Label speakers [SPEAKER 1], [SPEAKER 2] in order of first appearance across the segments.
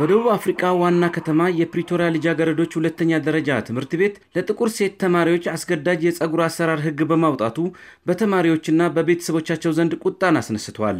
[SPEAKER 1] በደቡብ አፍሪካ ዋና ከተማ የፕሪቶሪያ ልጃገረዶች ሁለተኛ ደረጃ ትምህርት ቤት ለጥቁር ሴት ተማሪዎች አስገዳጅ የጸጉር አሰራር ሕግ በማውጣቱ በተማሪዎችና በቤተሰቦቻቸው ዘንድ ቁጣን አስነስቷል።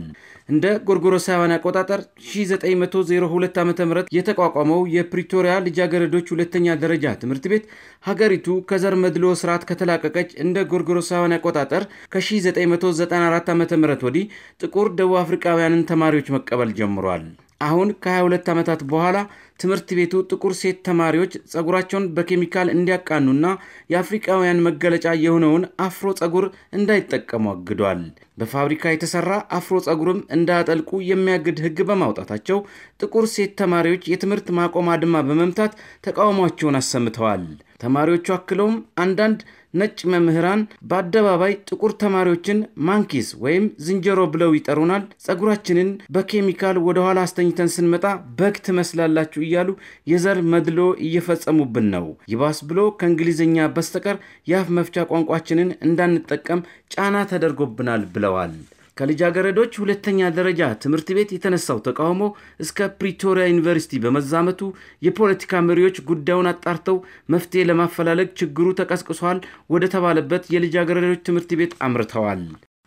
[SPEAKER 1] እንደ ጎርጎሮሳውያን አቆጣጠር 1902 ዓ ም የተቋቋመው የፕሪቶሪያ ልጃገረዶች ሁለተኛ ደረጃ ትምህርት ቤት ሀገሪቱ ከዘር መድሎ ስርዓት ከተላቀቀች እንደ ጎርጎሮሳውያን አቆጣጠር ከ1994 ዓ ም ወዲህ ጥቁር ደቡብ አፍሪካውያንን ተማሪዎች መቀበል ጀምሯል። አሁን ከ22 ዓመታት በኋላ ትምህርት ቤቱ ጥቁር ሴት ተማሪዎች ጸጉራቸውን በኬሚካል እንዲያቃኑና የአፍሪቃውያን መገለጫ የሆነውን አፍሮ ጸጉር እንዳይጠቀሙ አግዷል። በፋብሪካ የተሰራ አፍሮ ጸጉርም እንዳያጠልቁ የሚያግድ ሕግ በማውጣታቸው ጥቁር ሴት ተማሪዎች የትምህርት ማቆም አድማ በመምታት ተቃውሟቸውን አሰምተዋል። ተማሪዎቹ አክለውም አንዳንድ ነጭ መምህራን በአደባባይ ጥቁር ተማሪዎችን ማንኪስ ወይም ዝንጀሮ ብለው ይጠሩናል፣ ጸጉራችንን በኬሚካል ወደኋላ አስተኝተን ስንመጣ በግ ትመስላላችሁ እያሉ የዘር መድሎ እየፈጸሙብን ነው። ይባስ ብሎ ከእንግሊዝኛ በስተቀር የአፍ መፍቻ ቋንቋችንን እንዳንጠቀም ጫና ተደርጎብናል ብለዋል። ከልጃገረዶች ሁለተኛ ደረጃ ትምህርት ቤት የተነሳው ተቃውሞ እስከ ፕሪቶሪያ ዩኒቨርሲቲ በመዛመቱ የፖለቲካ መሪዎች ጉዳዩን አጣርተው መፍትሄ ለማፈላለግ ችግሩ ተቀስቅሷል ወደ ተባለበት የልጃገረዶች ትምህርት ቤት አምርተዋል።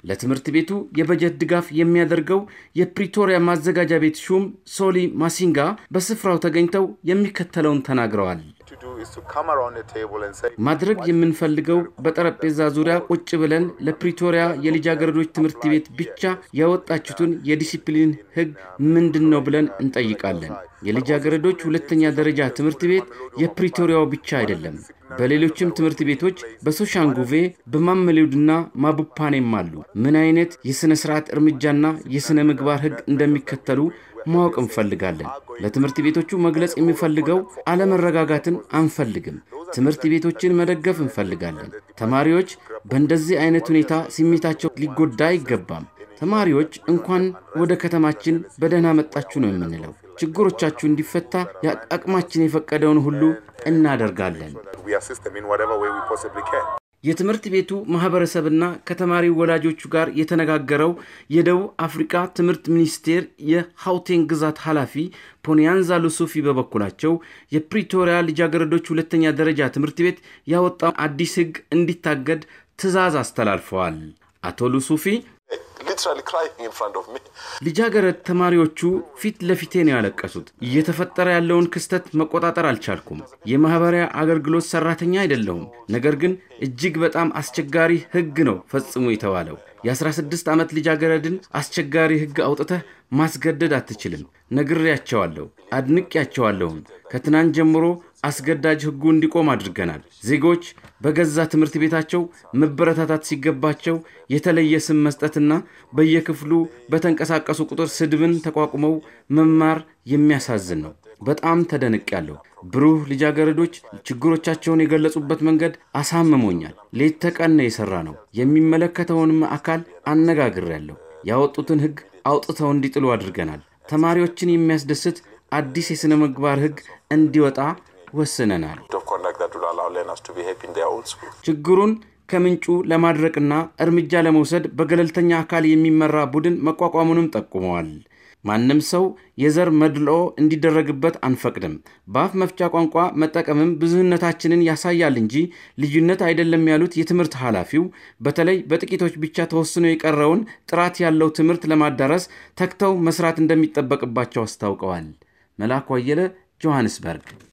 [SPEAKER 1] ለትምህርት ቤቱ የበጀት ድጋፍ የሚያደርገው የፕሪቶሪያ ማዘጋጃ ቤት ሹም ሶሊ ማሲንጋ በስፍራው ተገኝተው የሚከተለውን ተናግረዋል። ማድረግ የምንፈልገው በጠረጴዛ ዙሪያ ቁጭ ብለን ለፕሪቶሪያ የልጃገረዶች ትምህርት ቤት ብቻ ያወጣችሁትን የዲሲፕሊን ሕግ ምንድን ነው ብለን እንጠይቃለን። የልጃገረዶች ሁለተኛ ደረጃ ትምህርት ቤት የፕሪቶሪያው ብቻ አይደለም። በሌሎችም ትምህርት ቤቶች በሶሻንጉቬ በማመሌውድና ማቡፓኔም አሉ። ምን አይነት የሥነ ሥርዓት እርምጃና የሥነ ምግባር ሕግ እንደሚከተሉ ማወቅ እንፈልጋለን። ለትምህርት ቤቶቹ መግለጽ የሚፈልገው አለመረጋጋትን አንፈልግም። ትምህርት ቤቶችን መደገፍ እንፈልጋለን። ተማሪዎች በእንደዚህ አይነት ሁኔታ ስሜታቸው ሊጎዳ አይገባም። ተማሪዎች እንኳን ወደ ከተማችን በደህና መጣችሁ ነው የምንለው። ችግሮቻችሁ እንዲፈታ አቅማችን የፈቀደውን ሁሉ እናደርጋለን። የትምህርት ቤቱ ማህበረሰብና ከተማሪ ወላጆቹ ጋር የተነጋገረው የደቡብ አፍሪካ ትምህርት ሚኒስቴር የሀውቴን ግዛት ኃላፊ ፖኒያንዛ ሉሱፊ በበኩላቸው የፕሪቶሪያ ልጃገረዶች ሁለተኛ ደረጃ ትምህርት ቤት ያወጣው አዲስ ሕግ እንዲታገድ ትዕዛዝ አስተላልፈዋል። አቶ ሉሱፊ ልጃገረድ ተማሪዎቹ ፊት ለፊቴ ነው ያለቀሱት። እየተፈጠረ ያለውን ክስተት መቆጣጠር አልቻልኩም። የማህበሪያ አገልግሎት ሰራተኛ አይደለሁም። ነገር ግን እጅግ በጣም አስቸጋሪ ህግ ነው ፈጽሞ የተባለው። የ16 ዓመት ልጃገረድን አስቸጋሪ ህግ አውጥተህ ማስገደድ አትችልም። ነግሬያቸዋለሁ፣ አድንቄያቸዋለሁም። ከትናንት ጀምሮ አስገዳጅ ህጉ እንዲቆም አድርገናል። ዜጎች በገዛ ትምህርት ቤታቸው መበረታታት ሲገባቸው የተለየ ስም መስጠትና በየክፍሉ በተንቀሳቀሱ ቁጥር ስድብን ተቋቁመው መማር የሚያሳዝን ነው። በጣም ተደንቅ ያለው ብሩህ ልጃገረዶች ችግሮቻቸውን የገለጹበት መንገድ አሳምሞኛል። ሌት ተቀን የሠራ ነው። የሚመለከተውንም አካል አነጋግሬያለሁ። ያወጡትን ሕግ አውጥተው እንዲጥሉ አድርገናል። ተማሪዎችን የሚያስደስት አዲስ የሥነ ምግባር ሕግ እንዲወጣ ወስነናል። ችግሩን ከምንጩ ለማድረቅና እርምጃ ለመውሰድ በገለልተኛ አካል የሚመራ ቡድን መቋቋሙንም ጠቁመዋል። ማንም ሰው የዘር መድልኦ እንዲደረግበት አንፈቅድም። በአፍ መፍቻ ቋንቋ መጠቀምም ብዙህነታችንን ያሳያል እንጂ ልዩነት አይደለም ያሉት የትምህርት ኃላፊው በተለይ በጥቂቶች ብቻ ተወስኖ የቀረውን ጥራት ያለው ትምህርት ለማዳረስ ተግተው መስራት እንደሚጠበቅባቸው አስታውቀዋል። መላኩ አየለ ጆሐንስበርግ